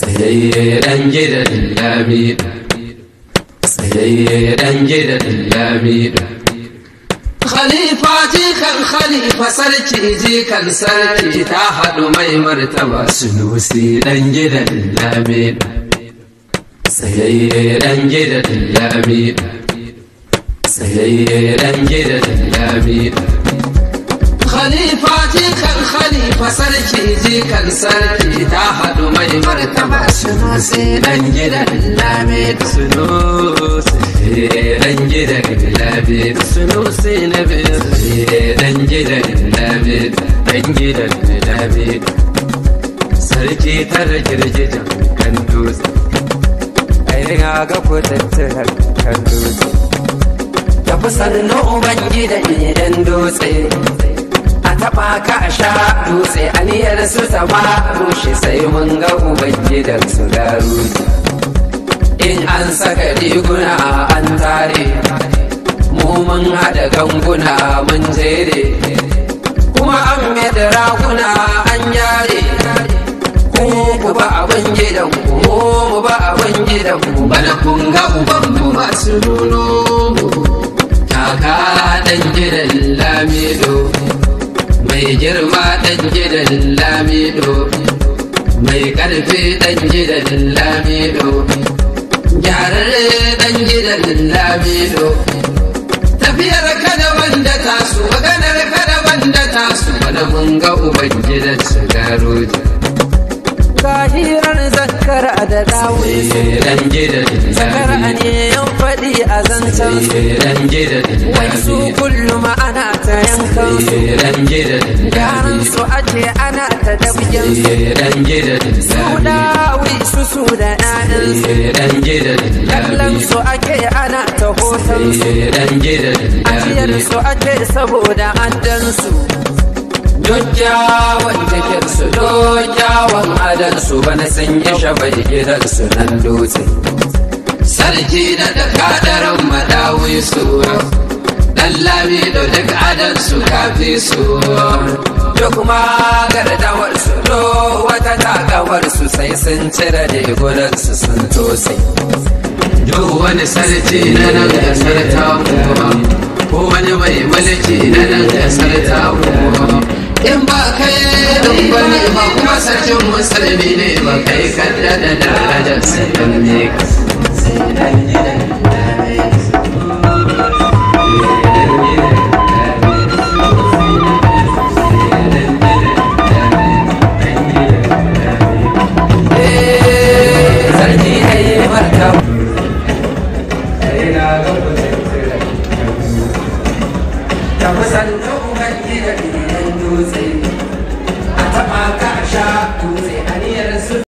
سهير انجد الامير سهير انجد الامير خليفة كان خليفة سرتي جي كان سرتي تاحد مي سنوسي انجد الامير سهير انجد الامير سهير انجد الامير خليفة كان خليفة سرتي جي كان سرتي mai martaba sunusi dan gidan labid sunusi dan gidan labid sunusi na bir dan gidan labid dan gidan labid sarki tar girgijan kan dutse ai riga ga kutattunar kan dutse tafi sannu ubangidan gidan dutse taba ka a sha dutse aniyar su ta rushe sai mun ga ubangidan su garu in an saka riguna an tare mu mun haɗa ganguna mun jere kuma an da raguna an yare ku ba abin gidan ku mu ba abin gidan ku bana kun ga uban mu masu nuno kaka dan gidan lamido mai girma ɗan lami lamido mai ƙarfi ɗan gidan lamido gyararre ɗan lami lamido tafiyar kada wanda tasu maganar kada wanda tasu wani mun ga ubangidan su ji ga hirar zakara da dawun su ɗan zakara ne sirri a zancen wai su kullum ana ta yankan su garin su aje ana ta dabgen su su dawi su su da ɗanin kallon su ake ana ta hoton su ajiyar su ake saboda addan su Dojjawan jikinsu, dojjawan adansu, bana san ya shafa jikinsu nan dutse. sarki da da kadarin madawi su lallami da duk adan su kafi su duk da su do wata takawar su sai sun cire da gudan su sun tosai duk wani sarki na nan kasar ta kuma ko wani mai mulki na nan kasar ta kuma in ba kai in ba ne ba kuma sarkin musulmi ne ba kai kaddada da darajar sai ne ka கட்டிடத்தில் தூசை